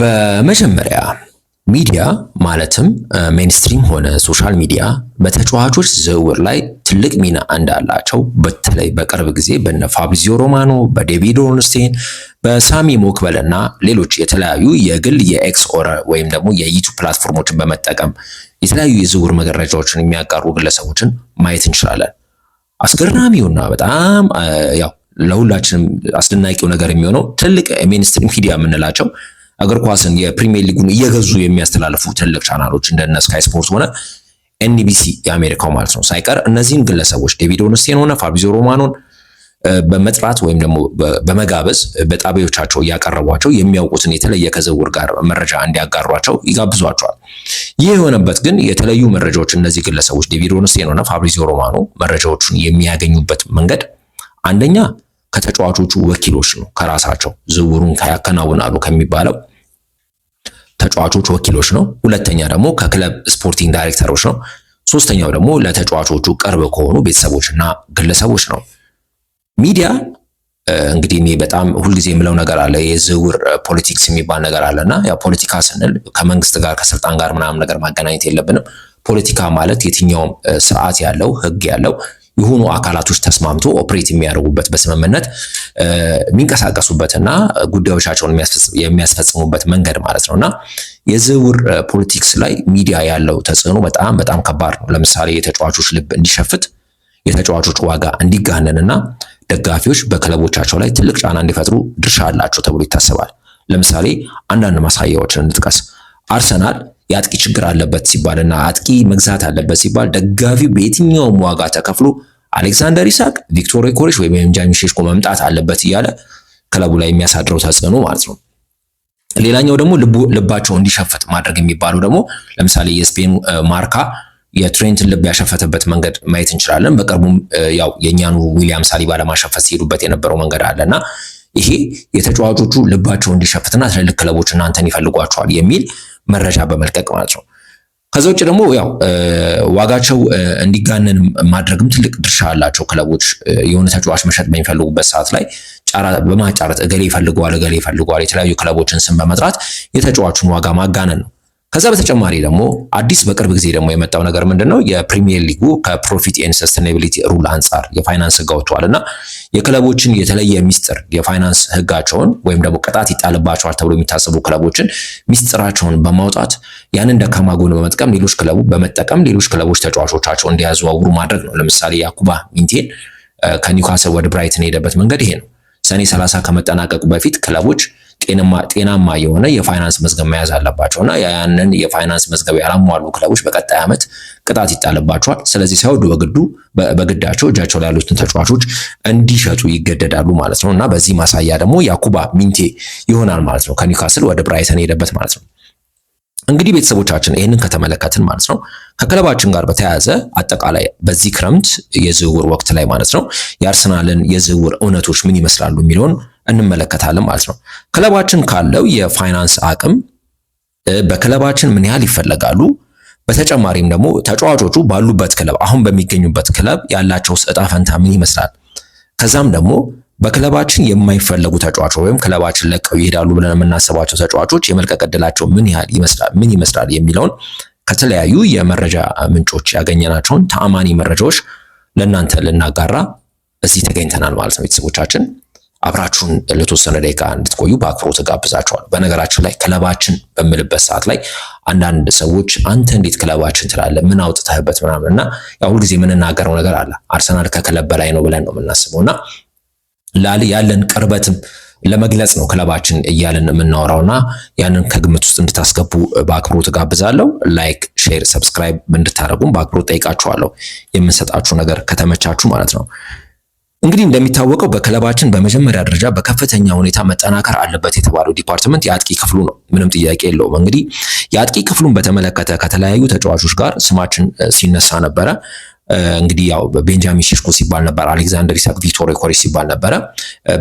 በመጀመሪያ ሚዲያ ማለትም ሜንስትሪም ሆነ ሶሻል ሚዲያ በተጫዋቾች ዝውውር ላይ ትልቅ ሚና እንዳላቸው በተለይ በቅርብ ጊዜ በነ ፋብሪዚዮ ሮማኖ፣ በዴቪድ ኦርንስቴን፣ በሳሚ ሞክበል እና ሌሎች የተለያዩ የግል የኤክስ ኦረ ወይም ደግሞ የዩቱብ ፕላትፎርሞችን በመጠቀም የተለያዩ የዝውውር መረጃዎችን የሚያጋሩ ግለሰቦችን ማየት እንችላለን። አስገራሚውና በጣም ያው ለሁላችንም አስደናቂው ነገር የሚሆነው ትልቅ ሜንስትሪም ሚዲያ የምንላቸው እግር ኳስን የፕሪሚየር ሊጉን እየገዙ የሚያስተላልፉ ትልቅ ቻናሎች እንደነ ስካይ ስፖርት ሆነ ኤንቢሲ የአሜሪካው ማለት ነው ሳይቀር እነዚህን ግለሰቦች ዴቪድ ኦርንስቴን ሆነ ፋብሪዚዮ ሮማኖን በመጥራት ወይም ደግሞ በመጋበዝ በጣቢያዎቻቸው እያቀረቧቸው የሚያውቁትን የተለየ ከዝውውር ጋር መረጃ እንዲያጋሯቸው ይጋብዟቸዋል። ይህ የሆነበት ግን የተለዩ መረጃዎች እነዚህ ግለሰቦች ዴቪድ ኦርንስቴን ሆነ ፋብሪዚዮ ሮማኖ መረጃዎቹን የሚያገኙበት መንገድ አንደኛ ከተጫዋቾቹ ወኪሎች ነው ከራሳቸው ዝውውሩን ያከናውናሉ ከሚባለው ተጫዋቾች ወኪሎች ነው። ሁለተኛ ደግሞ ከክለብ ስፖርቲንግ ዳይሬክተሮች ነው። ሶስተኛው ደግሞ ለተጫዋቾቹ ቅርብ ከሆኑ ቤተሰቦችና ግለሰቦች ነው። ሚዲያ እንግዲህ እኔ በጣም ሁልጊዜ የምለው ነገር አለ፣ የዝውውር ፖለቲክስ የሚባል ነገር አለ እና ያው ፖለቲካ ስንል ከመንግስት ጋር ከስልጣን ጋር ምናምን ነገር ማገናኘት የለብንም። ፖለቲካ ማለት የትኛውም ስርዓት ያለው ህግ ያለው የሆኑ አካላቶች ተስማምቶ ኦፕሬት የሚያደርጉበት በስምምነት የሚንቀሳቀሱበትና ጉዳዮቻቸውን የሚያስፈጽሙበት መንገድ ማለት ነው እና የዝውውር ፖለቲክስ ላይ ሚዲያ ያለው ተጽዕኖ በጣም በጣም ከባድ ነው። ለምሳሌ የተጫዋቾች ልብ እንዲሸፍት የተጫዋቾች ዋጋ እና ደጋፊዎች በክለቦቻቸው ላይ ትልቅ ጫና እንዲፈጥሩ ድርሻ አላቸው ተብሎ ይታሰባል። ለምሳሌ አንዳንድ ማሳያዎችን እንጥቀስ። አርሰናል የአጥቂ ችግር አለበት ሲባል አጥቂ መግዛት አለበት ሲባል ደጋፊው በየትኛውም ዋጋ ተከፍሎ አሌክሳንደር ኢሳቅ፣ ቪክቶር ኮሬሽ ወይም ቤንጃሚን ሼሽኮ መምጣት አለበት እያለ ክለቡ ላይ የሚያሳድረው ተጽዕኖ ማለት ነው። ሌላኛው ደግሞ ልባቸው እንዲሸፈት ማድረግ የሚባለው ደግሞ ለምሳሌ የስፔን ማርካ የትሬንትን ልብ ያሸፈተበት መንገድ ማየት እንችላለን። በቅርቡም ያው የእኛኑ ዊሊያም ሳሊባ ለማሸፈት ሲሄዱበት የነበረው መንገድ አለና ይሄ የተጫዋቾቹ ልባቸው እንዲሸፍትና ትልልቅ ክለቦች እናንተን ይፈልጓቸዋል የሚል መረጃ በመልቀቅ ማለት ነው። ከዛ ውጭ ደግሞ ያው ዋጋቸው እንዲጋነን ማድረግም ትልቅ ድርሻ አላቸው። ክለቦች የሆነ ተጫዋች መሸጥ በሚፈልጉበት ሰዓት ላይ ጫራ በማጫረት እገሌ ይፈልገዋል፣ እገሌ ይፈልገዋል የተለያዩ ክለቦችን ስም በመጥራት የተጫዋቹን ዋጋ ማጋነን ነው። ከዛ በተጨማሪ ደግሞ አዲስ በቅርብ ጊዜ ደግሞ የመጣው ነገር ምንድን ነው? የፕሪሚየር ሊጉ ከፕሮፊት ኤንድ ሰስቴናቢሊቲ ሩል አንጻር የፋይናንስ ህግ እና የክለቦችን የተለየ ሚስጥር የፋይናንስ ህጋቸውን ወይም ደግሞ ቅጣት ይጣልባቸዋል ተብሎ የሚታሰቡ ክለቦችን ሚስጥራቸውን በማውጣት ያንን ደካማ ጎን በመጥቀም ሌሎች ክለቡ በመጠቀም ሌሎች ክለቦች ተጫዋቾቻቸውን እንዲያዘዋውሩ ማድረግ ነው። ለምሳሌ ያኩባ ሚንቴን ከኒውካስል ወደ ብራይተን የሄደበት መንገድ ይሄ ነው። ሰኔ 30 ከመጠናቀቁ በፊት ክለቦች ጤናማ የሆነ የፋይናንስ መዝገብ መያዝ አለባቸው እና ያንን የፋይናንስ መዝገብ ያላሟሉ ክለቦች በቀጣይ ዓመት ቅጣት ይጣልባቸዋል። ስለዚህ ሳይወዱ በግዱ በግዳቸው እጃቸው ላይ ያሉትን ተጫዋቾች እንዲሸጡ ይገደዳሉ ማለት ነው እና በዚህ ማሳያ ደግሞ ያኩባ ሚንቴ ይሆናል ማለት ነው ከኒውካስል ወደ ብራይተን ሄደበት ማለት ነው። እንግዲህ ቤተሰቦቻችን ይህንን ከተመለከትን ማለት ነው ከክለባችን ጋር በተያያዘ አጠቃላይ በዚህ ክረምት የዝውውር ወቅት ላይ ማለት ነው የአርሰናልን የዝውውር እውነቶች ምን ይመስላሉ የሚለውን እንመለከታለን ማለት ነው። ክለባችን ካለው የፋይናንስ አቅም በክለባችን ምን ያህል ይፈለጋሉ፣ በተጨማሪም ደግሞ ተጫዋቾቹ ባሉበት ክለብ አሁን በሚገኙበት ክለብ ያላቸው እጣ ፈንታ ምን ይመስላል፣ ከዛም ደግሞ በክለባችን የማይፈለጉ ተጫዋቾች ወይም ክለባችን ለቀው ይሄዳሉ ብለን የምናስባቸው ተጫዋቾች የመልቀቅ ምን ያህል ይመስላል ምን ይመስላል የሚለውን ከተለያዩ የመረጃ ምንጮች ያገኘናቸውን ተአማኒ መረጃዎች ለእናንተ ልናጋራ እዚህ ተገኝተናል ማለት ነው ቤተሰቦቻችን። አብራችሁን ለተወሰነ ደቂቃ እንድትቆዩ በአክብሮት ተጋብዛችኋል። በነገራችን ላይ ክለባችን በምልበት ሰዓት ላይ አንዳንድ ሰዎች አንተ እንዴት ክለባችን ትላለህ? ምን አውጥተህበት ምናምን እና ያው ሁልጊዜ የምንናገረው ነገር አለ። አርሰናል ከክለብ በላይ ነው ብለን ነው የምናስበው እና ላል ያለን ቅርበትም ለመግለጽ ነው ክለባችን እያልን እና ያንን ከግምት ውስጥ እንድታስገቡ በአክብሮ ትጋብዛለሁ ላይክ፣ ሼር፣ ሰብስክራይብ እንድታደርጉም በአክብሮ ጠይቃችኋለሁ። የምንሰጣችሁ ነገር ከተመቻችሁ ማለት ነው። እንግዲህ እንደሚታወቀው በክለባችን በመጀመሪያ ደረጃ በከፍተኛ ሁኔታ መጠናከር አለበት የተባለው ዲፓርትመንት የአጥቂ ክፍሉ ነው። ምንም ጥያቄ የለውም። እንግዲህ የአጥቂ ክፍሉን በተመለከተ ከተለያዩ ተጫዋቾች ጋር ስማችን ሲነሳ ነበረ። እንግዲህ ያው ቤንጃሚን ሼሽኮ ሲባል ነበር፣ አሌክዛንደር ኢሳክ፣ ቪቶሪ ኮሪስ ሲባል ነበረ።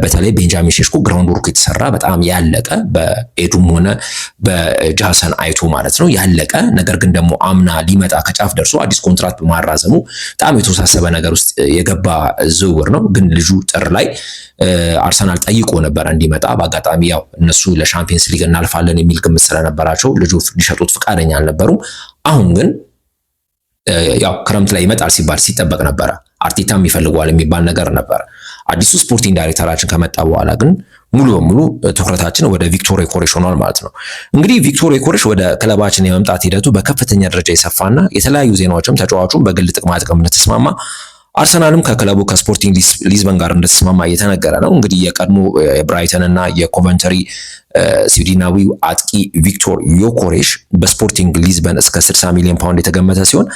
በተለይ ቤንጃሚን ሼሽኮ ግራውንድ ወርክ የተሰራ በጣም ያለቀ በኤዱም ሆነ በጃሰን አይቶ ማለት ነው ያለቀ ነገር ግን ደግሞ አምና ሊመጣ ከጫፍ ደርሶ አዲስ ኮንትራክት በማራዘሙ በጣም የተወሳሰበ ነገር ውስጥ የገባ ዝውውር ነው። ግን ልጁ ጥር ላይ አርሰናል ጠይቆ ነበረ እንዲመጣ። በአጋጣሚ ያው እነሱ ለሻምፒየንስ ሊግ እናልፋለን የሚል ግምት ስለነበራቸው ልጁ ሊሸጡት ፈቃደኛ አልነበሩም። አሁን ግን ያው ክረምት ላይ ይመጣል ሲባል ሲጠበቅ ነበረ። አርቴታም ይፈልገዋል የሚባል ነገር ነበር። አዲሱ ስፖርቲንግ ዳይሬክተራችን ከመጣ በኋላ ግን ሙሉ በሙሉ ትኩረታችን ወደ ቪክቶር ኮሬሽ ሆኗል ማለት ነው። እንግዲህ ቪክቶር ኮሬሽ ወደ ክለባችን የመምጣት ሂደቱ በከፍተኛ ደረጃ የሰፋና የተለያዩ ዜናዎችም ተጫዋቹም በግል ጥቅማ ጥቅም እንደተስማማ አርሰናልም ከክለቡ ከስፖርቲንግ ሊዝበን ጋር እንደተስማማ እየተነገረ ነው። እንግዲህ የቀድሞ የብራይተን እና የኮቨንተሪ ስዊድናዊው አጥቂ ቪክቶር ዮኮሬሽ በስፖርቲንግ ሊዝበን እስከ 60 ሚሊዮን ፓውንድ የተገመተ ሲሆን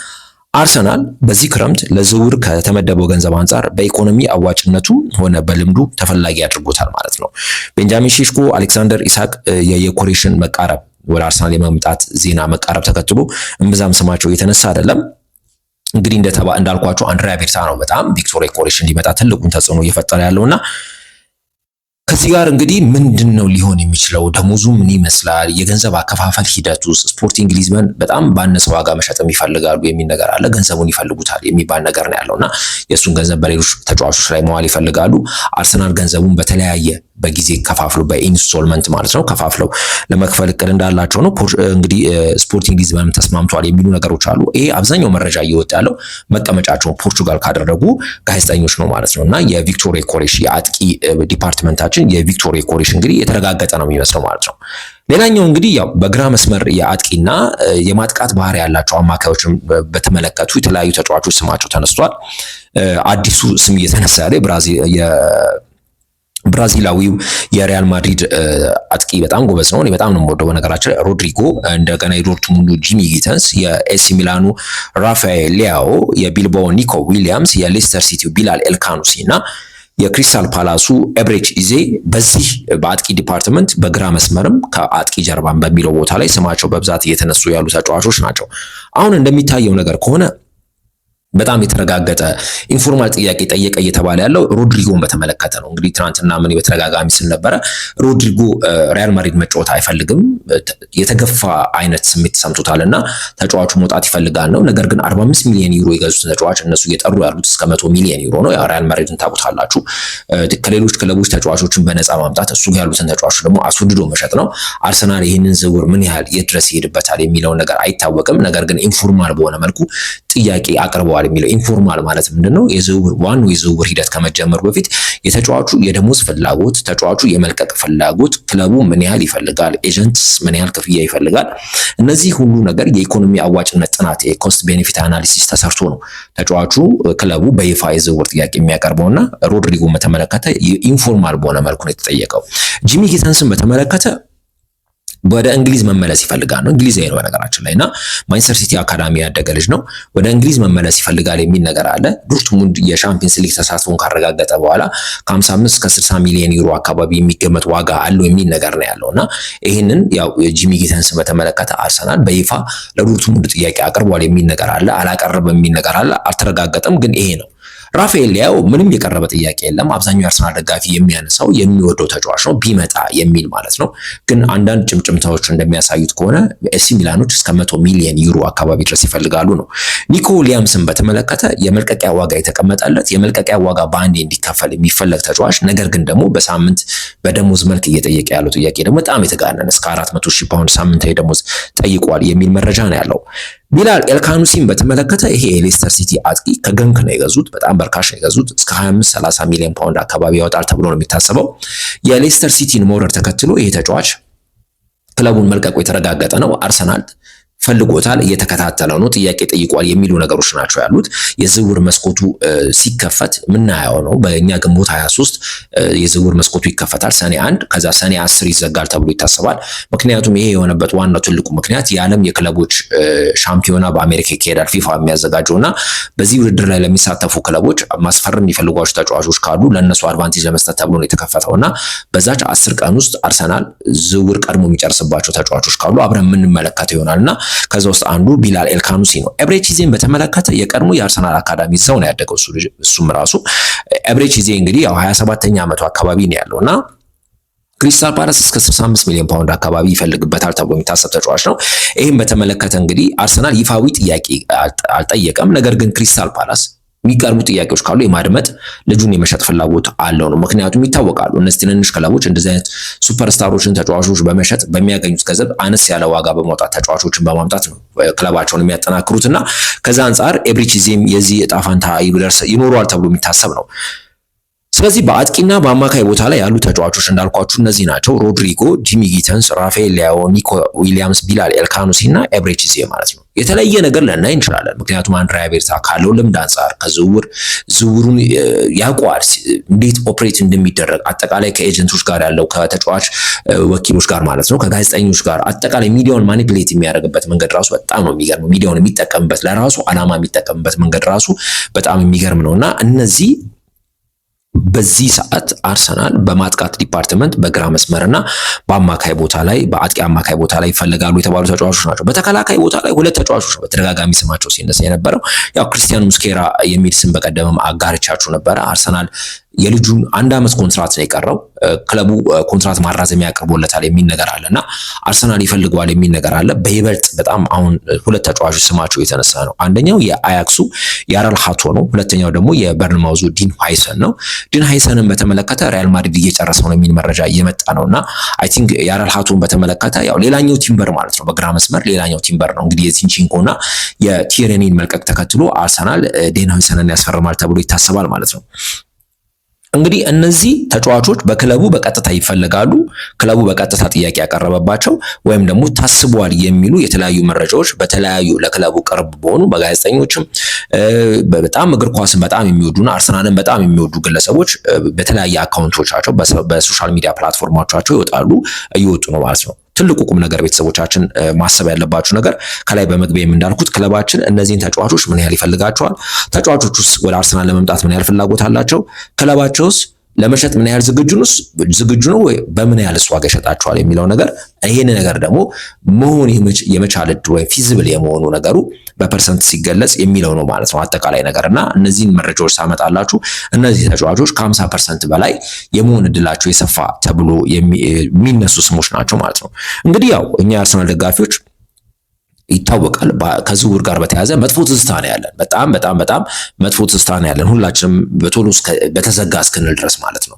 አርሰናል በዚህ ክረምት ለዝውውር ከተመደበው ገንዘብ አንጻር በኢኮኖሚ አዋጭነቱ ሆነ በልምዱ ተፈላጊ አድርጎታል ማለት ነው። ቤንጃሚን ሼሽኮ፣ አሌክሳንደር ኢሳቅ የየኮሬሽን መቃረብ ወደ አርሰናል የመምጣት ዜና መቃረብ ተከትሎ እምብዛም ስማቸው የተነሳ አይደለም። እንግዲህ እንዳልኳቸው አንድሪያ ቤርታ ነው በጣም ቪክቶር ኮሬሽን ሊመጣ ትልቁን ተጽዕኖ እየፈጠረ ያለውና ከዚህ ጋር እንግዲህ ምንድን ነው ሊሆን የሚችለው? ደሞዙ ምን ይመስላል? የገንዘብ አከፋፈል ሂደት ውስጥ ስፖርቲንግ ሊዝበን በጣም ባነሰ ዋጋ መሸጥም ይፈልጋሉ የሚል ነገር አለ። ገንዘቡን ይፈልጉታል የሚባል ነገር ነው ያለው እና የእሱን ገንዘብ በሌሎች ተጫዋቾች ላይ መዋል ይፈልጋሉ። አርሰናል ገንዘቡን በተለያየ በጊዜ ከፋፍሎ በኢንስቶልመንት ማለት ነው ከፋፍለው ለመክፈል እቅድ እንዳላቸው ነው። እንግዲህ ስፖርቲንግ ሊዝበንም ተስማምቷል የሚሉ ነገሮች አሉ። ይሄ አብዛኛው መረጃ እየወጣ ያለው መቀመጫቸውን ፖርቹጋል ካደረጉ ጋዜጠኞች ነው ማለት ነው እና የቪክቶር ኮሬሽ የአጥቂ ዲፓርትመንታችን የቪክቶር ኮሬሽ እንግዲህ የተረጋገጠ ነው የሚመስለው ማለት ነው። ሌላኛው እንግዲህ ያው በግራ መስመር የአጥቂና የማጥቃት ባህሪ ያላቸው አማካዮችን በተመለከቱ የተለያዩ ተጫዋቾች ስማቸው ተነስቷል። አዲሱ ስም እየተነሳ ያለ ብራዚላዊው የሪያል ማድሪድ አጥቂ በጣም ጎበዝ ነው። እኔ በጣም ነው የምወደው። በነገራችን ላይ ሮድሪጎ፣ እንደገና የዶርትሙንዱ ጂሚ ጊተንስ፣ የኤሲ ሚላኑ ራፋኤል ሊያኦ፣ የቢልባኦ ኒኮ ዊሊያምስ፣ የሌስተር ሲቲው ቢላል ኤልካኑሲ እና የክሪስታል ፓላሱ ኤብሬች ኢዜ በዚህ በአጥቂ ዲፓርትመንት በግራ መስመርም ከአጥቂ ጀርባን በሚለው ቦታ ላይ ስማቸው በብዛት እየተነሱ ያሉ ተጫዋቾች ናቸው። አሁን እንደሚታየው ነገር ከሆነ በጣም የተረጋገጠ ኢንፎርማል ጥያቄ ጠየቀ እየተባለ ያለው ሮድሪጎን በተመለከተ ነው። እንግዲህ ትናንትና ምን በተደጋጋሚ ስል ነበረ ሮድሪጎ ሪያል ማድሪድ መጫወት አይፈልግም፣ የተገፋ አይነት ስሜት ተሰምቶታል እና ተጫዋቹ መውጣት ይፈልጋል ነው። ነገር ግን 45 ሚሊዮን ዩሮ የገዙትን ተጫዋች እነሱ እየጠሩ ያሉት እስከ መቶ ሚሊዮን ዩሮ ነው። ሪያል ማድሪድን ታውቁታላችሁ። ከሌሎች ክለቦች ተጫዋቾችን በነፃ ማምጣት፣ እሱ ጋር ያሉትን ተጫዋቾች ደግሞ አስወድዶ መሸጥ ነው። አርሰናል ይህንን ዝውውር ምን ያህል የት ድረስ ይሄድበታል የሚለውን ነገር አይታወቅም። ነገር ግን ኢንፎርማል በሆነ መልኩ ጥያቄ አቅርበዋል። ተዘዋዋሪ የሚለው ኢንፎርማል ማለት ምንድን ነው? የዝውውር ዋናው የዝውውር ሂደት ከመጀመሩ በፊት የተጫዋቹ የደሞዝ ፍላጎት፣ ተጫዋቹ የመልቀቅ ፍላጎት፣ ክለቡ ምን ያህል ይፈልጋል፣ ኤጀንትስ ምን ያህል ክፍያ ይፈልጋል፣ እነዚህ ሁሉ ነገር የኢኮኖሚ አዋጭነት ጥናት የኮስት ቤኔፊት አናሊሲስ ተሰርቶ ነው ተጫዋቹ ክለቡ በይፋ የዝውውር ጥያቄ የሚያቀርበውና ሮድሪጎን በተመለከተ ኢንፎርማል በሆነ መልኩ ነው የተጠየቀው። ጂሚ ጊተንስን በተመለከተ ወደ እንግሊዝ መመለስ ይፈልጋል ነው። እንግሊዛዊ ነው በነገራችን ላይ እና ማንቸስተር ሲቲ አካዳሚ ያደገ ልጅ ነው። ወደ እንግሊዝ መመለስ ይፈልጋል የሚል ነገር አለ። ዶርትሙንድ የሻምፒየንስ ሊግ ተሳትፎን ካረጋገጠ በኋላ ከ55 እስከ 60 ሚሊዮን ዩሮ አካባቢ የሚገመት ዋጋ አለው የሚል ነገር ነው ያለው እና ይህንን ያው ጂሚ ጊተንስ በተመለከተ አርሰናል በይፋ ለዶርትሙንድ ጥያቄ አቅርቧል የሚል ነገር አለ። አላቀረበም የሚል ነገር አለ። አልተረጋገጠም፣ ግን ይሄ ነው ራፋኤል ሊያው ምንም የቀረበ ጥያቄ የለም። አብዛኛው የአርሰናል ደጋፊ የሚያነሳው የሚወደው ተጫዋች ነው ቢመጣ የሚል ማለት ነው። ግን አንዳንድ ጭምጭምታዎች እንደሚያሳዩት ከሆነ ኤሲ ሚላኖች እስከ መቶ ሚሊየን ዩሮ አካባቢ ድረስ ይፈልጋሉ ነው። ኒኮ ዊሊያምስን በተመለከተ የመልቀቂያ ዋጋ የተቀመጠለት የመልቀቂያ ዋጋ በአንዴ እንዲከፈል የሚፈለግ ተጫዋች ነገር ግን ደግሞ በሳምንት በደሞዝ መልክ እየጠየቀ ያለው ጥያቄ ደግሞ በጣም የተጋነነ እስከ አራት መቶ ሺህ ፓውንድ ሳምንታዊ ደሞዝ ጠይቋል የሚል መረጃ ነው ያለው። ቢላል ኤልካኑሲን በተመለከተ ይሄ የሌስተር ሲቲ አጥቂ ከገንክ ነው የገዙት። በጣም በርካሽ ነው የገዙት። እስከ 25 30 ሚሊዮን ፓውንድ አካባቢ ያወጣል ተብሎ ነው የሚታሰበው። የሌስተር ሲቲን መውረድ ተከትሎ ይሄ ተጫዋች ክለቡን መልቀቁ የተረጋገጠ ነው። አርሰናል ፈልጎታል፣ እየተከታተለ ነው፣ ጥያቄ ጠይቋል የሚሉ ነገሮች ናቸው ያሉት። የዝውውር መስኮቱ ሲከፈት ምናየው ነው። በእኛ ግንቦት 23 የዝውውር መስኮቱ ይከፈታል ሰኔ አንድ ከዛ ሰኔ አስር ይዘጋል ተብሎ ይታሰባል። ምክንያቱም ይሄ የሆነበት ዋናው ትልቁ ምክንያት የዓለም የክለቦች ሻምፒዮና በአሜሪካ ይካሄዳል ፊፋ የሚያዘጋጀው እና በዚህ ውድድር ላይ ለሚሳተፉ ክለቦች ማስፈረም የሚፈልጓቸው ተጫዋቾች ካሉ ለእነሱ አድቫንቴጅ ለመስጠት ተብሎ ነው የተከፈተው እና በዛች አስር ቀን ውስጥ አርሰናል ዝውውር ቀድሞ የሚጨርስባቸው ተጫዋቾች ካሉ አብረን የምንመለከተው ይሆናል እና ከዛ ውስጥ አንዱ ቢላል ኤልካኑሲ ነው። ኤብሬቺዜን በተመለከተ የቀድሞ የአርሰናል አካዳሚ ሰው ነው ያደገው እሱም ራሱ ኤብሬቺዜ እንግዲህ ያው 27ኛ ዓመቱ አካባቢ ነው ያለው እና ክሪስታል ፓላስ እስከ 65 ሚሊዮን ፓውንድ አካባቢ ይፈልግበታል ተብሎ የሚታሰብ ተጫዋች ነው። ይህም በተመለከተ እንግዲህ አርሰናል ይፋዊ ጥያቄ አልጠየቀም። ነገር ግን ክሪስታል ፓላስ የሚቀርቡ ጥያቄዎች ካሉ የማድመጥ ልጁን የመሸጥ ፍላጎት አለው ነው። ምክንያቱም ይታወቃሉ እነዚህ ትንንሽ ክለቦች እንደዚህ አይነት ሱፐርስታሮችን ተጫዋቾች በመሸጥ በሚያገኙት ገንዘብ አነስ ያለ ዋጋ በማውጣት ተጫዋቾችን በማምጣት ነው ክለባቸውን የሚያጠናክሩት እና ከዛ አንጻር ኤብሪቺ የዚህ እጣ ፈንታ ይኖረዋል ተብሎ የሚታሰብ ነው። ስለዚህ በአጥቂና በአማካይ ቦታ ላይ ያሉ ተጫዋቾች እንዳልኳችሁ እነዚህ ናቸው። ሮድሪጎ፣ ጂሚ ጊተንስ፣ ራፋኤል ሊያዮ፣ ኒኮ ዊሊያምስ፣ ቢላል ኤልካኑሲ እና ኤብሬቺዜ ማለት ነው። የተለየ ነገር ልናይ እንችላለን። ምክንያቱም አንድሪያ ቤርታ ካለው ልምድ አንጻር ከዝውውር ዝውውሩን ያውቀዋል፣ እንዴት ኦፕሬት እንደሚደረግ አጠቃላይ ከኤጀንቶች ጋር ያለው ከተጫዋች ወኪሎች ጋር ማለት ነው፣ ከጋዜጠኞች ጋር አጠቃላይ ሚዲያውን ማኒፕሌት የሚያደርግበት መንገድ ራሱ በጣም ነው የሚገርመው። ሚዲያውን የሚጠቀምበት ለራሱ ዓላማ የሚጠቀምበት መንገድ ራሱ በጣም የሚገርም ነው እና እነዚህ በዚህ ሰዓት አርሰናል በማጥቃት ዲፓርትመንት በግራ መስመርና በአማካይ ቦታ ላይ በአጥቂ አማካይ ቦታ ላይ ይፈልጋሉ የተባሉ ተጫዋቾች ናቸው። በተከላካይ ቦታ ላይ ሁለት ተጫዋቾች በተደጋጋሚ ስማቸው ሲነሳ የነበረው ያው ክርስቲያን ሙስኬራ የሚል ስም በቀደምም አጋርቻችሁ ነበረ። አርሰናል የልጁን አንድ ዓመት ኮንትራት ነው የቀረው። ክለቡ ኮንትራት ማራዘሚያ ያቀርቦለታል የሚል ነገር አለ እና አርሰናል ይፈልገዋል የሚል ነገር አለ። በይበልጥ በጣም አሁን ሁለት ተጫዋቾች ስማቸው የተነሳ ነው። አንደኛው የአያክሱ የአራል ሀቶ ነው። ሁለተኛው ደግሞ የበርንማውዙ ዲን ሃይሰን ነው። ዲን ሃይሰንን በተመለከተ ሪያል ማድሪድ እየጨረሰው ነው የሚል መረጃ እየመጣ ነው እና አይ ቲንክ ሀቶን በተመለከተ ያው ሌላኛው ቲምበር ማለት ነው፣ በግራ መስመር ሌላኛው ቲምበር ነው እንግዲህ የዚንቺንኮ እና የቲረኒን መልቀቅ ተከትሎ አርሰናል ዴን ሃይሰንን ያስፈርማል ተብሎ ይታሰባል ማለት ነው። እንግዲህ እነዚህ ተጫዋቾች በክለቡ በቀጥታ ይፈልጋሉ። ክለቡ በቀጥታ ጥያቄ ያቀረበባቸው ወይም ደግሞ ታስቧል የሚሉ የተለያዩ መረጃዎች በተለያዩ ለክለቡ ቅርብ በሆኑ በጋዜጠኞችም በጣም እግር ኳስን በጣም የሚወዱና አርሰናልን በጣም የሚወዱ ግለሰቦች በተለያየ አካውንቶቻቸው በሶሻል ሚዲያ ፕላትፎርማቻቸው ይወጣሉ፣ እየወጡ ነው ማለት ነው። ትልቁ ቁም ነገር ቤተሰቦቻችን ማሰብ ያለባችሁ ነገር ከላይ በመግቢያ እንዳልኩት ክለባችን እነዚህን ተጫዋቾች ምን ያህል ይፈልጋቸዋል? ተጫዋቾቹስ ወደ አርሰናል ለመምጣት ምን ያህል ፍላጎት አላቸው? ክለባቸውስ ለመሸጥ ምን ያህል ዝግጁ ነው ዝግጁ ነው ወይ በምን ያህል ዋጋ ይሸጣቸዋል የሚለው ነገር ይሄን ነገር ደግሞ መሆን የመቻል እድል ወይም ፊዚብል የመሆኑ ነገሩ በፐርሰንት ሲገለጽ የሚለው ነው ማለት ነው አጠቃላይ ነገር እና እነዚህን መረጃዎች ሳመጣላችሁ እነዚህ ተጫዋቾች ከ50 ፐርሰንት በላይ የመሆን እድላቸው የሰፋ ተብሎ የሚነሱ ስሞች ናቸው ማለት ነው። እንግዲህ ያው እኛ የአርሰናል ደጋፊዎች ይታወቃል። ከዝውውር ጋር በተያዘ መጥፎ ትዝታ ነው ያለን። በጣም በጣም በጣም መጥፎ ትዝታ ነው ያለን ሁላችንም፣ በቶሎ በተዘጋ እስክንል ድረስ ማለት ነው።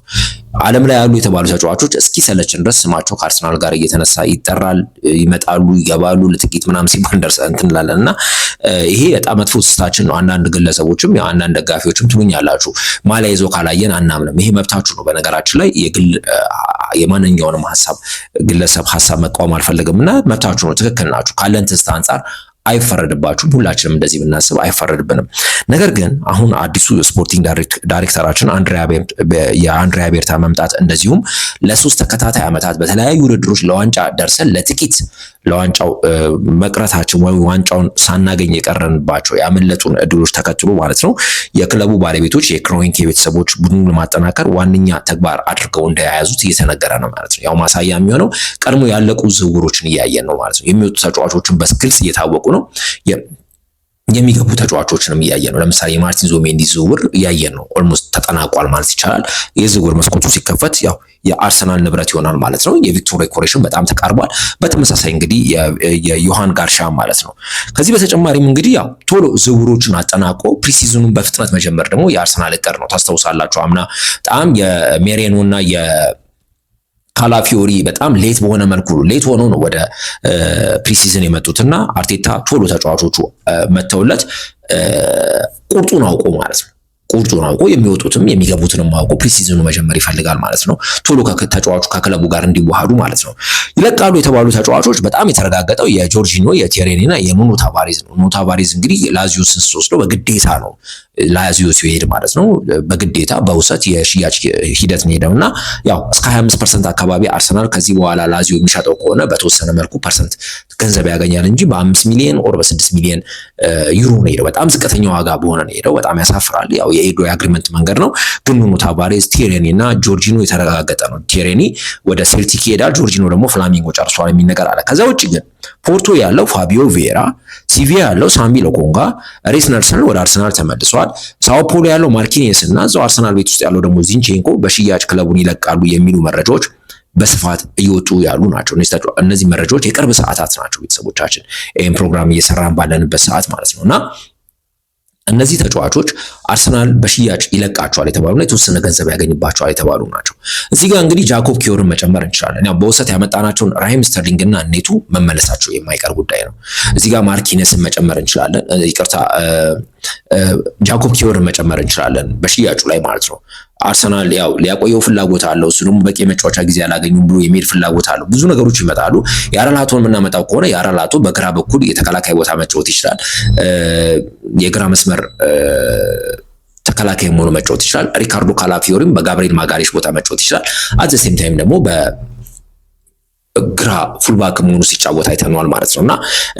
ዓለም ላይ ያሉ የተባሉ ተጫዋቾች ሰለችን ድረስ ስማቸው ከአርሰናል ጋር እየተነሳ ይጠራል፣ ይመጣሉ፣ ይገባሉ ለጥቂት ምናምን ሲባል ደርሰ እንትን እንላለን እና ይሄ በጣም መጥፎ ትዝታችን ነው። አንዳንድ ግለሰቦችም አንዳንድ ደጋፊዎችም ትሉኛላችሁ ማሊያ ይዞ ካላየን አናምንም። ይሄ መብታችሁ ነው። በነገራችን ላይ የግል የማንኛውንም ሀሳብ ግለሰብ ሀሳብ መቃወም አልፈልግም እና መብታችሁ ነው። ትክክል ናችሁ ካለን ትዝታ አንጻር አይፈረድባችሁም። ሁላችንም እንደዚህ ብናስብ አይፈረድብንም። ነገር ግን አሁን አዲሱ ስፖርቲንግ ዳይሬክተራችን የአንድሪያ ቤርታ መምጣት እንደዚሁም ለሶስት ተከታታይ ዓመታት በተለያዩ ውድድሮች ለዋንጫ ደርሰን ለጥቂት ለዋንጫው መቅረታችን ወይም ዋንጫውን ሳናገኝ የቀረንባቸው ያመለጡን እድሎች ተከትሎ ማለት ነው የክለቡ ባለቤቶች የክሮንኬ ቤተሰቦች ቡድኑን ለማጠናከር ዋነኛ ተግባር አድርገው እንደያዙት እየተነገረ ነው ማለት ነው። ያው ማሳያ የሚሆነው ቀድሞ ያለቁ ዝውውሮችን እያየን ነው ማለት ነው። የሚወጡ ተጫዋቾችን በግልጽ እየታወቁ ነው የሚገቡ ተጫዋቾችንም እያየን ነው። ለምሳሌ የማርቲን ዙቢሜንዲ ዝውውር እያየን ነው። ኦልሞስት ተጠናቋል ማለት ይቻላል። የዝውውር መስኮቱ ሲከፈት ያው የአርሰናል ንብረት ይሆናል ማለት ነው። የቪክቶር ኮሬሽን በጣም ተቃርቧል። በተመሳሳይ እንግዲህ የዮሃን ጋርሻ ማለት ነው። ከዚህ በተጨማሪም እንግዲህ ያው ቶሎ ዝውውሮችን አጠናቆ ፕሪሲዝኑን በፍጥነት መጀመር ደግሞ የአርሰናል እቅድ ነው። ታስታውሳላችሁ አምና በጣም የሜሬኖና ካላፊዮሪ በጣም ሌት በሆነ መልኩ ሌት ሆኖ ነው ወደ ፕሪሲዝን የመጡትና አርቴታ ቶሎ ተጫዋቾቹ መተውለት ቁርጡን አውቆ ማለት ነው ቁርጡን አውቆ የሚወጡትም የሚገቡትንም አውቆ ፕሪሲዝኑ መጀመር ይፈልጋል ማለት ነው። ቶሎ ተጫዋቹ ከክለቡ ጋር እንዲዋሃዱ ማለት ነው። ይለቃሉ የተባሉ ተጫዋቾች በጣም የተረጋገጠው የጆርጂኖ የቴሬኒና የኑኖ ታቫሬዝ ነው። ኑኖ ታቫሬዝ እንግዲህ ላዚዮ ስንወስደው በግዴታ ነው ላዚዮ ሲሄድ ማለት ነው። በግዴታ በውሰት የሽያጭ ሂደት ነው ሄደው እና ያው እስከ 25% አካባቢ አርሰናል ከዚህ በኋላ ላዚዮ የሚሸጠው ከሆነ በተወሰነ መልኩ ፐርሰንት ገንዘብ ያገኛል እንጂ በ5 ሚሊዮን ኦር በ6 ሚሊዮን ዩሮ ነው ሄደው። በጣም ዝቅተኛ ዋጋ በሆነ ነው ሄደው። በጣም ያሳፍራል። ያው የኤዶ አግሪመንት መንገድ ነው። ግንኙነቱ ታባሬዝ፣ ቴሬኒ እና ጆርጂኖ የተረጋገጠ ነው። ቴሬኒ ወደ ሴልቲክ ይሄዳል። ጆርጂኖ ደግሞ ፍላሚንጎ ጨርሷል የሚል ነገር አለ። ከዛ ውጭ ግን ፖርቶ ያለው ፋቢዮ ቬራ፣ ሲቪያ ያለው ሳምቢ ሎኮንጋ፣ ሬስ ነርሰን ወደ አርሰናል ተመልሷል። ሳኦ ፖሎ ያለው ማርኪኔስ እና እዛው አርሰናል ቤት ውስጥ ያለው ደግሞ ዚንቼንኮ በሽያጭ ክለቡን ይለቃሉ የሚሉ መረጃዎች በስፋት እየወጡ ያሉ ናቸው። እነዚህ መረጃዎች የቅርብ ሰዓታት ናቸው ቤተሰቦቻችን፣ ይህም ፕሮግራም እየሰራን ባለንበት ሰዓት ማለት ነው እና እነዚህ ተጫዋቾች አርሰናል በሽያጭ ይለቃቸዋል የተባሉና የተወሰነ ገንዘብ ያገኝባቸዋል የተባሉ ናቸው። እዚህ ጋር እንግዲህ ጃኮብ ኪዮርን መጨመር እንችላለን። ያው በውሰት ያመጣናቸውን ራሂም ስተርሊንግና እኔቱ መመለሳቸው የማይቀር ጉዳይ ነው። እዚህ ጋር ማርኪነስን መጨመር እንችላለን። ይቅርታ ጃኮብ ኪዮርን መጨመር እንችላለን በሽያጩ ላይ ማለት ነው። አርሰናል ያው ሊያቆየው ፍላጎት አለው። እሱ ደግሞ በቂ መጫወቻ ጊዜ አላገኙም ብሎ የሚሄድ ፍላጎት አለው። ብዙ ነገሮች ይመጣሉ። የአራላቶን የምናመጣው ከሆነ የአራላቶ በግራ በኩል የተከላካይ ቦታ መጫወት ይችላል። የግራ መስመር ተከላካይ ሆኖ መጫወት ይችላል። ሪካርዶ ካላፊዮሪም በጋብሪኤል ማጋሪሽ ቦታ መጫወት ይችላል። አዘ ሴም ታይም ደግሞ ግራ ፉልባክ መሆኑ ሲጫወት አይተነዋል ማለት ነው። እና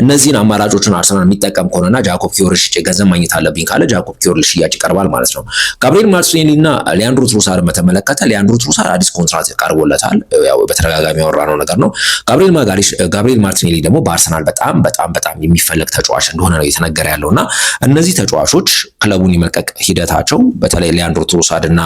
እነዚህን አማራጮችን አርሰናል የሚጠቀም ከሆነና ጃኮብ ኪዮር ሽጭ ገንዘብ ማግኘት አለብኝ ካለ ጃኮብ ኪዮር ሽያጭ ይቀርባል ማለት ነው። ጋብሪኤል ማርቲኔሊ እና ሊያንድሮ ትሮሳር በተመለከተ ሊያንድሮ ትሮሳር አዲስ ኮንትራት ቀርቦለታል። በተደጋጋሚ ያወራነው ነገር ነው። ጋብሪኤል ማርቲኔሊ ደግሞ በአርሰናል በጣም በጣም በጣም የሚፈለግ ተጫዋች እንደሆነ ነው እየተነገረ ያለው እና እነዚህ ተጫዋቾች ክለቡን የመልቀቅ ሂደታቸው በተለይ ሊያንድሮ ትሮሳር እና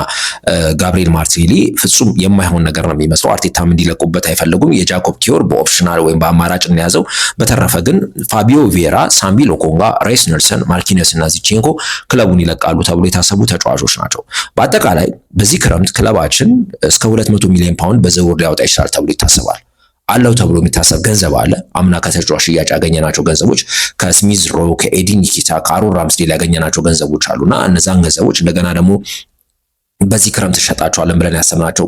ጋብሪኤል ማርቲኔሊ ፍጹም የማይሆን ነገር ነው የሚመስለው። አርቴታም እንዲለቁበት አይፈልጉም። ጃኮብ ኪዮር በኦፕሽናል ወይም በአማራጭ እንደያዘው። በተረፈ ግን ፋቢዮ ቬራ፣ ሳምቢ ሎኮንጋ፣ ሬስ ኔልሰን፣ ማርኪነስ እና ዚቼንኮ ክለቡን ይለቃሉ ተብሎ የታሰቡ ተጫዋቾች ናቸው። በአጠቃላይ በዚህ ክረምት ክለባችን እስከ 200 ሚሊዮን ፓውንድ በዝውውር ሊያወጣ ይችላል ተብሎ ይታሰባል። አለው ተብሎ የሚታሰብ ገንዘብ አለ። አምና ከተጫዋች ሽያጭ ያገኘናቸው ገንዘቦች ከስሚዝ ሮ፣ ከኤዲ ኒኪታ፣ ከአሮን ራምስዴል ያገኘናቸው ገንዘቦች አሉና እነዛን ገንዘቦች እንደገና ደግሞ በዚህ ክረምት ሸጣቸዋለን ብለን ያሰብናቸው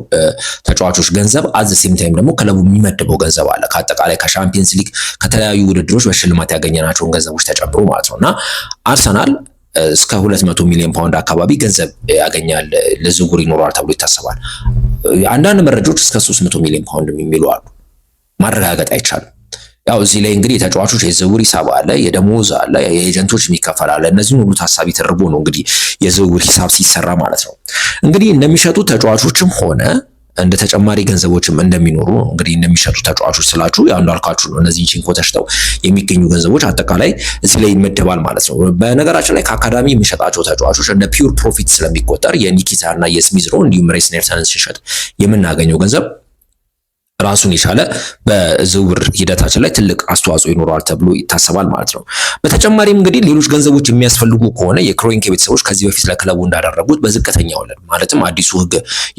ተጫዋቾች ገንዘብ አዘ ሴም ታይም ደግሞ ክለቡ የሚመድበው ገንዘብ አለ። ከአጠቃላይ ከሻምፒየንስ ሊግ ከተለያዩ ውድድሮች በሽልማት ያገኘናቸውን ገንዘቦች ተጨምሮ ማለት ነው እና አርሰናል እስከ ሁለት መቶ ሚሊዮን ፓውንድ አካባቢ ገንዘብ ያገኛል፣ ለዝውውር ይኖረዋል ተብሎ ይታሰባል። አንዳንድ መረጃዎች እስከ ሶስት መቶ ሚሊዮን ፓውንድ የሚሉ አሉ። ማረጋገጥ አይቻልም። ያው እዚህ ላይ እንግዲህ የተጫዋቾች የዝውውር ሂሳብ አለ፣ የደሞዝ አለ፣ የኤጀንቶች የሚከፈል አለ። እነዚህን ሁሉ ታሳቢ ተደርጎ ነው እንግዲህ የዝውውር ሂሳብ ሲሰራ ማለት ነው። እንግዲህ እንደሚሸጡ ተጫዋቾችም ሆነ እንደ ተጨማሪ ገንዘቦችም እንደሚኖሩ እንግዲህ እንደሚሸጡ ተጫዋቾች ስላችሁ ያው እንዳልኳችሁ ነው። እነዚህ ቺንኮ ተሽጠው የሚገኙ ገንዘቦች አጠቃላይ እዚህ ላይ ይመደባል ማለት ነው። በነገራችን ላይ ከአካዳሚ የሚሸጣቸው ተጫዋቾች እንደ ፒውር ፕሮፊት ስለሚቆጠር የኒኪታ እና የስሚዝሮ እንዲሁም ሬስ ኔልሰንን ሲሸጥ የምናገኘው ገንዘብ ራሱን የቻለ በዝውውር ሂደታችን ላይ ትልቅ አስተዋጽኦ ይኖረዋል ተብሎ ይታሰባል ማለት ነው። በተጨማሪም እንግዲህ ሌሎች ገንዘቦች የሚያስፈልጉ ከሆነ የክሮንኬ ቤተሰቦች ከዚህ በፊት ለክለቡ እንዳደረጉት በዝቅተኛ ወለድ ማለትም አዲሱ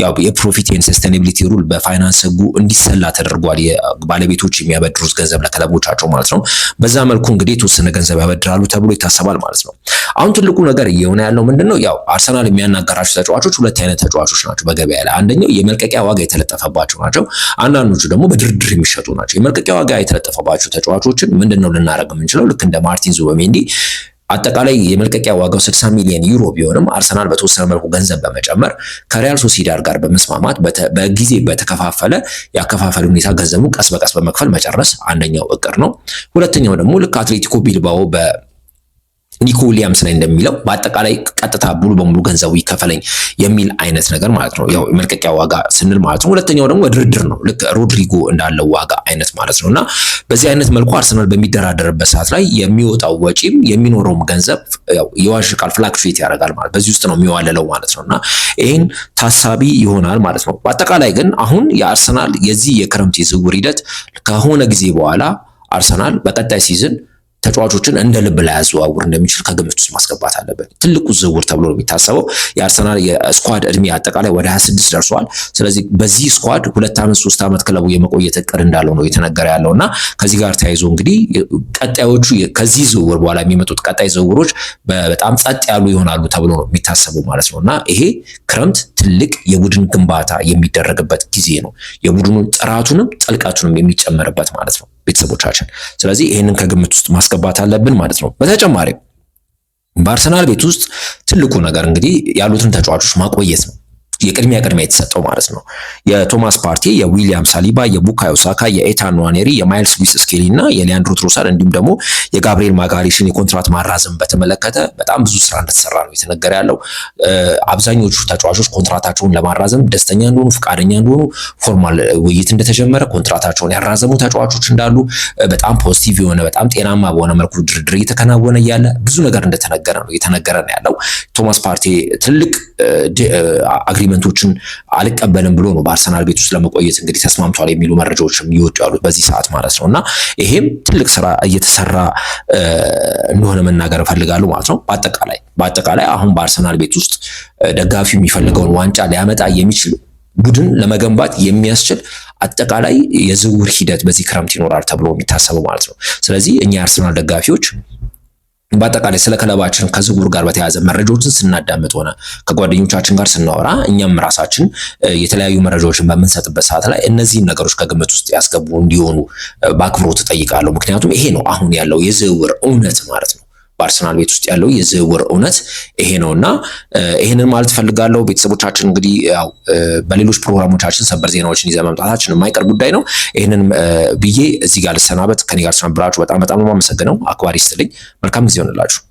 ያው የፕሮፊት ኤንድ ሰስቴኔቢሊቲ ሩል በፋይናንስ ህጉ እንዲሰላ ተደርጓል። ባለቤቶች የሚያበድሩት ገንዘብ ለክለቦቻቸው ማለት ነው። በዛ መልኩ እንግዲህ የተወሰነ ገንዘብ ያበድራሉ ተብሎ ይታሰባል ማለት ነው። አሁን ትልቁ ነገር እየሆነ ያለው ነው? ያው አርሰናል የሚያናገራቸው ተጫዋቾች ሁለት አይነት ተጫዋቾች ናቸው በገበያ ላይ አንደኛው የመልቀቂያ ዋጋ የተለጠፈባቸው ናቸው። አንዳንዱ አንዳንዶቹ ደግሞ በድርድር የሚሸጡ ናቸው። የመልቀቂያ ዋጋ የተለጠፈባቸው ተጫዋቾችን ምንድነው ልናደርግ የምንችለው? ልክ እንደ ማርቲን ዙበሜንዲ አጠቃላይ የመልቀቂያ ዋጋው 60 ሚሊዮን ዩሮ ቢሆንም አርሰናል በተወሰነ መልኩ ገንዘብ በመጨመር ከሪያል ሶሲዳድ ጋር በመስማማት በጊዜ በተከፋፈለ የአከፋፈል ሁኔታ ገንዘቡ ቀስ በቀስ በመክፈል መጨረስ አንደኛው እቅድ ነው። ሁለተኛው ደግሞ ልክ አትሌቲኮ ቢልባኦ ኒኮ ዊሊያምስ ላይ እንደሚለው በአጠቃላይ ቀጥታ ሙሉ በሙሉ ገንዘቡ ይከፈለኝ የሚል አይነት ነገር ማለት ነው። ያው መልቀቂያ ዋጋ ስንል ማለት ነው። ሁለተኛው ደግሞ ድርድር ነው። ልክ ሮድሪጎ እንዳለው ዋጋ አይነት ማለት ነው እና በዚህ አይነት መልኩ አርሰናል በሚደራደርበት ሰዓት ላይ የሚወጣው ወጪም የሚኖረውም ገንዘብ ያው ይዋዥቃል፣ ፍላክቹዌት ያደርጋል ማለት በዚህ ውስጥ ነው የሚዋለለው ማለት ነው እና ይህን ታሳቢ ይሆናል ማለት ነው። በአጠቃላይ ግን አሁን የአርሰናል የዚህ የክረምት የዝውውር ሂደት ከሆነ ጊዜ በኋላ አርሰናል በቀጣይ ሲዝን ተጫዋቾችን እንደ ልብ ላይ ያዘዋውር እንደሚችል ከግምት ውስጥ ማስገባት አለበት። ትልቁ ዝውውር ተብሎ ነው የሚታሰበው። የአርሰናል የስኳድ እድሜ አጠቃላይ ወደ 26 ደርሷል። ስለዚህ በዚህ ስኳድ ሁለት ዓመት ሶስት ዓመት ክለቡ የመቆየት እቅድ እንዳለው ነው የተነገረ ያለው እና ከዚህ ጋር ተያይዞ እንግዲህ ቀጣዮቹ ከዚህ ዝውውር በኋላ የሚመጡት ቀጣይ ዝውውሮች በጣም ጸጥ ያሉ ይሆናሉ ተብሎ ነው የሚታሰበው ማለት ነው እና ይሄ ክረምት ትልቅ የቡድን ግንባታ የሚደረግበት ጊዜ ነው። የቡድኑን ጥራቱንም ጥልቀቱንም የሚጨመርበት ማለት ነው። ቤተሰቦቻችን። ስለዚህ ይህንን ከግምት ውስጥ ማስገባት አለብን ማለት ነው። በተጨማሪም በአርሰናል ቤት ውስጥ ትልቁ ነገር እንግዲህ ያሉትን ተጫዋቾች ማቆየት ነው። የቅድሚያ ቅድሚያ የተሰጠው ማለት ነው። የቶማስ ፓርቲ የዊሊያም ሳሊባ፣ የቡካዮ ሳካ፣ የኤታን ኗኔሪ፣ የማይልስ ሉዊስ ስኬሊ እና የሊያንድሮ ትሮሳር እንዲሁም ደግሞ የጋብሪኤል ማጋሪሽን የኮንትራት ማራዘም በተመለከተ በጣም ብዙ ስራ እንደተሰራ ነው የተነገረ ያለው። አብዛኞቹ ተጫዋቾች ኮንትራታቸውን ለማራዘም ደስተኛ እንደሆኑ፣ ፈቃደኛ እንደሆኑ ፎርማል ውይይት እንደተጀመረ ኮንትራታቸውን ያራዘሙ ተጫዋቾች እንዳሉ በጣም ፖዚቲቭ የሆነ በጣም ጤናማ በሆነ መልኩ ድርድር እየተከናወነ እያለ ብዙ ነገር እንደተነገረ ነው እየተነገረ ነው ያለው። ቶማስ ፓርቴ ትልቅ አግሪ አግሪመንቶችን አልቀበልም ብሎ ነው በአርሰናል ቤት ውስጥ ለመቆየት እንግዲህ ተስማምቷል የሚሉ መረጃዎችም ይወጡ ያሉት በዚህ ሰዓት ማለት ነው። እና ይሄም ትልቅ ስራ እየተሰራ እንደሆነ መናገር እፈልጋለሁ ማለት ነው። በአጠቃላይ በአጠቃላይ አሁን በአርሰናል ቤት ውስጥ ደጋፊው የሚፈልገውን ዋንጫ ሊያመጣ የሚችል ቡድን ለመገንባት የሚያስችል አጠቃላይ የዝውውር ሂደት በዚህ ክረምት ይኖራል ተብሎ የሚታሰበው ማለት ነው። ስለዚህ እኛ የአርሰናል ደጋፊዎች በአጠቃላይ ስለ ክለባችን ከዝውውር ጋር በተያያዘ መረጃዎችን ስናዳምጥ ሆነ ከጓደኞቻችን ጋር ስናወራ እኛም ራሳችን የተለያዩ መረጃዎችን በምንሰጥበት ሰዓት ላይ እነዚህን ነገሮች ከግምት ውስጥ ያስገቡ እንዲሆኑ በአክብሮት እጠይቃለሁ። ምክንያቱም ይሄ ነው አሁን ያለው የዝውውር እውነት ማለት ነው። በአርሰናል ቤት ውስጥ ያለው የዝውውር እውነት ይሄ ነው እና ይህንን ማለት ፈልጋለሁ። ቤተሰቦቻችን እንግዲህ ያው በሌሎች ፕሮግራሞቻችን ሰበር ዜናዎችን ይዘ መምጣታችን የማይቀር ጉዳይ ነው። ይህንን ብዬ እዚህ ጋር ልሰናበት። ከኔ ጋር ስናብራችሁ በጣም በጣም ነው የማመሰግነው። አክባሪ መልካም ጊዜ ሆንላችሁ።